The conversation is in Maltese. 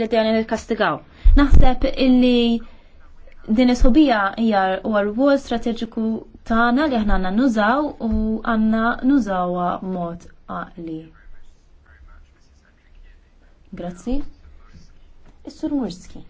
li dejjem kastigaw Naħseb illi din is-ħobija hija rwol strateġiku tagħna li aħna għandna nużaw u għandna nużawha mod għaqli. Grazzi. Is-Sur Murski.